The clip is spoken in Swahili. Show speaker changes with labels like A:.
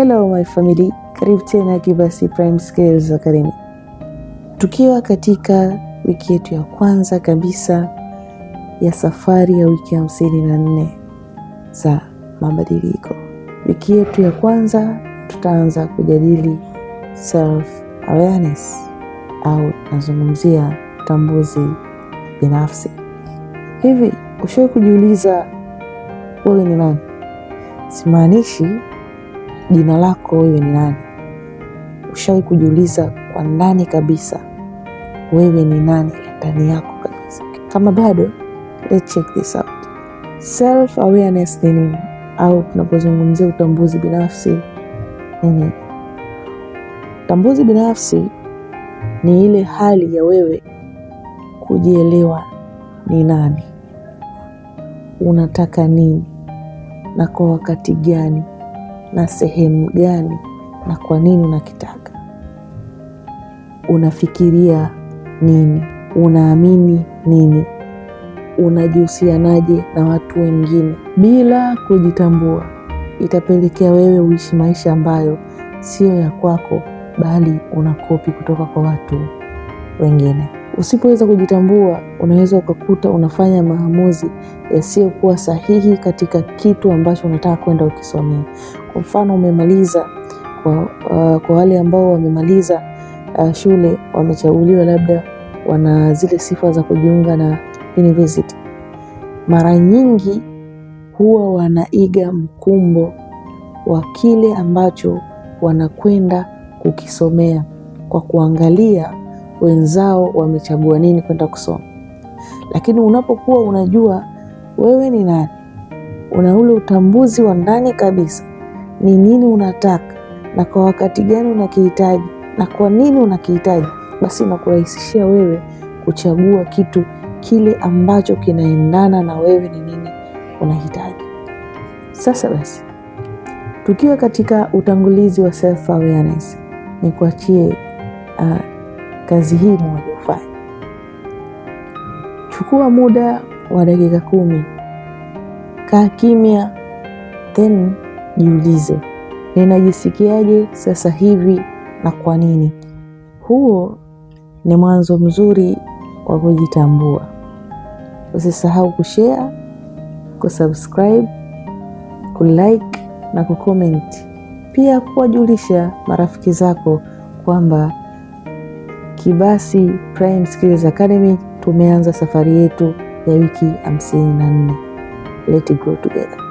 A: Hello my family, karibu tena Kibasi Prime Skills Academy. Tukiwa katika wiki yetu ya kwanza kabisa ya safari ya wiki hamsini na nne za mabadiliko, wiki yetu ya kwanza tutaanza kujadili self awareness au nazungumzia utambuzi binafsi. Hivi ushawahi kujiuliza wewe ni nani? Simaanishi jina lako wewe ni nani? Ushawahi kujiuliza kwa ndani kabisa wewe ni nani ndani yako kabisa? Kama bado, let's check this out. Self awareness ni nini, au tunapozungumzia utambuzi binafsi ni nini? Utambuzi binafsi ni ile hali ya wewe kujielewa, ni nani, unataka nini na kwa wakati gani na sehemu gani na kwa nini unakitaka? Unafikiria nini? Unaamini nini? Unajihusianaje na watu wengine? Bila kujitambua, itapelekea wewe uishi maisha ambayo sio ya kwako, bali unakopi kutoka kwa watu wengine. Usipoweza kujitambua, unaweza ukakuta unafanya maamuzi yasiyokuwa sahihi katika kitu ambacho unataka kwenda ukisomea. Kwa mfano umemaliza kwa, uh, kwa wale ambao wamemaliza uh, shule wamechaguliwa, labda wana zile sifa za kujiunga na university, mara nyingi huwa wanaiga mkumbo wa kile ambacho wanakwenda kukisomea kwa kuangalia wenzao wamechagua nini kwenda kusoma. Lakini unapokuwa unajua wewe ni nani, una ule utambuzi wa ndani kabisa ni nini unataka na kwa wakati gani unakihitaji na kwa nini unakihitaji, basi nakurahisishia wewe kuchagua kitu kile ambacho kinaendana na wewe, ni nini unahitaji. Sasa basi, tukiwa katika utangulizi wa self awareness, ni kuachie uh, kazi hii moja ufanye. Chukua muda wa dakika kumi, kaa kimya then jiulize, ninajisikiaje sasa hivi na kwa nini? Huo ni mwanzo mzuri wa kujitambua. Usisahau kushare, kusubscribe, kulike na kukomenti, pia kuwajulisha marafiki zako kwamba Kibasi Prime Skills Academy tumeanza safari yetu ya wiki 54. Let go together.